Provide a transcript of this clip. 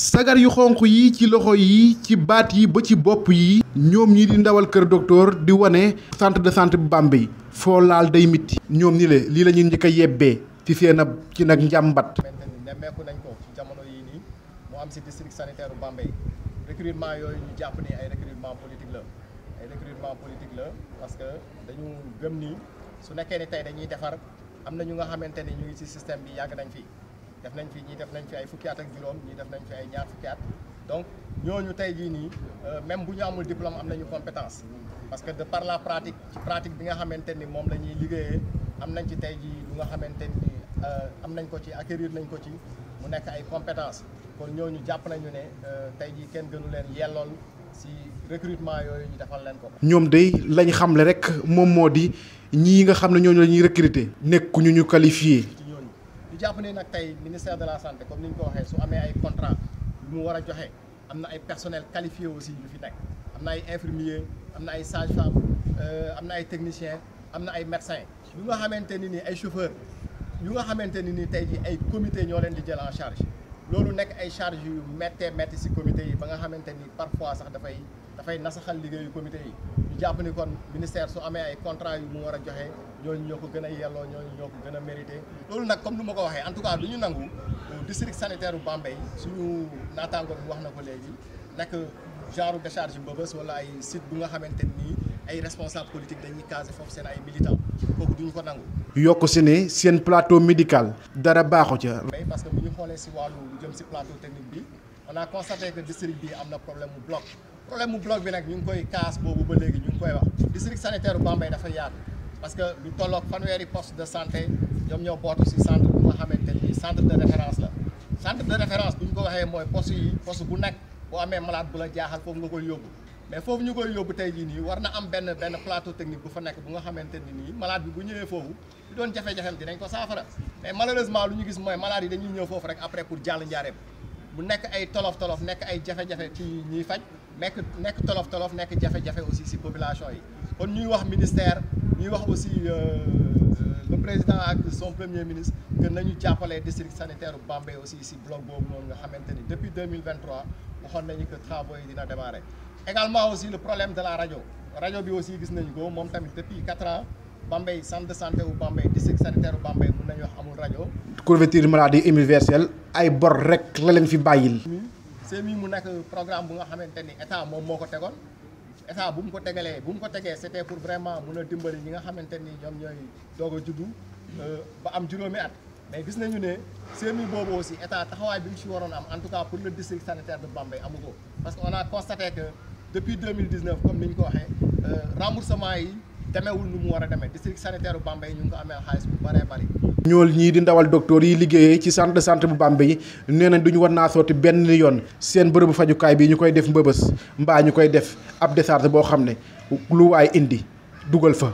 sagar yu xonq yi ci loxo yi ci baat yi ba ci bopp yi ñoom ñi di ndawal kër docteur di wane centre de santé bu Bambey foo laal day mitti ñoom ni le lii la ñuy njëkk a yebbee ci seen ab ci nag njàmbat nemmeeku nañ ko jamono yi nii mu am si district sanitaire bu Bambey yooyu ñu jàpp ni ay recrutement politique la ay recrutement parce que dañu gëm ni su nekkee ni tey dañuy defar am na ñu nga xamante ni ñu ngi ci système bi yàgg nañ fi def nañ fi ñii def nañ fi ay fukki at ak juróom ñii def nañ fi ay ñaar fukki at donc ñooñu tey jii nii euh, même bu ñu amul diplôme am nañu compétence parce que de par la pratique ci pratique bi nga xamante ni moom la ñuy liggéeyee am nañ ci tey jii lu nga xamante ni euh, am nañ ko ci acquérir nañ ko ci mu nekk ay compétence kon ñooñu jàpp nañu ne euh, tey ji kenn gënu leen yellool si recrutement yooyu ñu defal leen ko. ñoom day lañ xamle rek moom moo di ñii nga xam ne ñooñu la ñuy nekkuñu ñu qualifié. jàpp ne nag tey ministère de la santé comme ni ñu ko waxee su amee ay contrat yu mu war a joxe am na ay personnel qualifié aussi yu fi nekk am na ay infirmier am na ay sage femme euh, am na ay technicien am na ay médecin yu nga xamante ni nii ay chauffeur yu nga xamante ni nii tey ay comité ñoo leen di jël en charge loolu nekk ay charges yu méttee métti si comité yi ba nga xamante ni parfois sax dafay dafay nasaxal liggéeyu comité yi ñu jàpp ni kon ministère su amee ay contrat yu mu war a joxe ñooñu ñoo ko gën a yelloo ñooñu ñoo ko gën a mérité loolu nag comme ni ma ko waxee en tout cas lu ñu nangu district sanitaire bu Bambey suñu naataango bi wax na ko léegi nekk genre décharge mbëbës wala ay site bu nga xamante nii ay responsable politique dañuy caser foofu seen ay militant kooku duñu ko nangu yokk si ne seen plateau médical dara baaxu xoolee si wàllu lu jëm si plateau technique bi on a district bi am na problème mu bloc problème mu bloc bi nag ñu ngi koy kaas boobu ba léegi ñu ngi koy wax district sanitaire bu Bambey dafa yaatu parce que lu tolloog fanweeri poste de santé ñoom ñoo bootu si centre bu nga xamante ni centre de référence la centre de référence bu ñu ko waxee mooy poste yi poste bu nekk boo amee malade bu la jaaxal foofu nga koy yóbbu mais foofu ñu koy yóbbu tey jii nii war na am benn benn plateau technique bu fa nekk bu nga xamante ni nii malade bi bu ñëwee foofu di doon jafe-jafem dinañ ko saafara mais malheureusement lu ñu gis mooy malade yi dañuy ñëw foofu rek après pour jàll njaareem bu nekk ay tolof-tolof nekk ay jafe-jafe ci ñuy faj nekk nekk tolof-tolof nekk jafe-jafe aussi si population yi kon ñuy wax ministère ñuy wax aussi euh, euh, le président ak son premier ministre que nañu jàppale district sanitaire bu Bambey aussi si bloc boobu noonu nga xamante ni depuis mille 2023 waxoon nañu que travaux yi dina démarrer également aussi le problème de la rajo rajo bi aussi gis nañu ko moom tamit depuis quatre ans Bambey centre de santé wu Bambey district sanitaire wu Bambey mun nañu wax amul rajo. couverture maladie universelle ay bor rek la leen fi bàyyil. CMU mu nekk programme bu nga xamante ni état moom moo ko tegoon état bu mu ko tegalee bu mu ko tegee c'était pour vraiment mun a dimbali ñi nga xamante ni ñoom ñooy doog a juddu euh, ba am juróomi mais gis nañu ne seen boobu aussi état taxawaay bi ñu ci waroon am en tout cas pour le district sanitaire de Bambey amu ko parce que on a depuis comme ni ñu ko waxee euh, remboursement yi demeewul nu mu war a demee district sanitaire bu Bambey ñu ngi ko amee xaalis bu bëree bëri. ñool ñii di ndawal docteur yi liggéeyee ci sant de santé bu Bambey nee nañ duñu war naa sotti benn yoon seen bërëbu fajukaay bi ñu koy def mbëbës mbaa ñu koy def ab décharge boo xam ne lu waay indi dugal fa.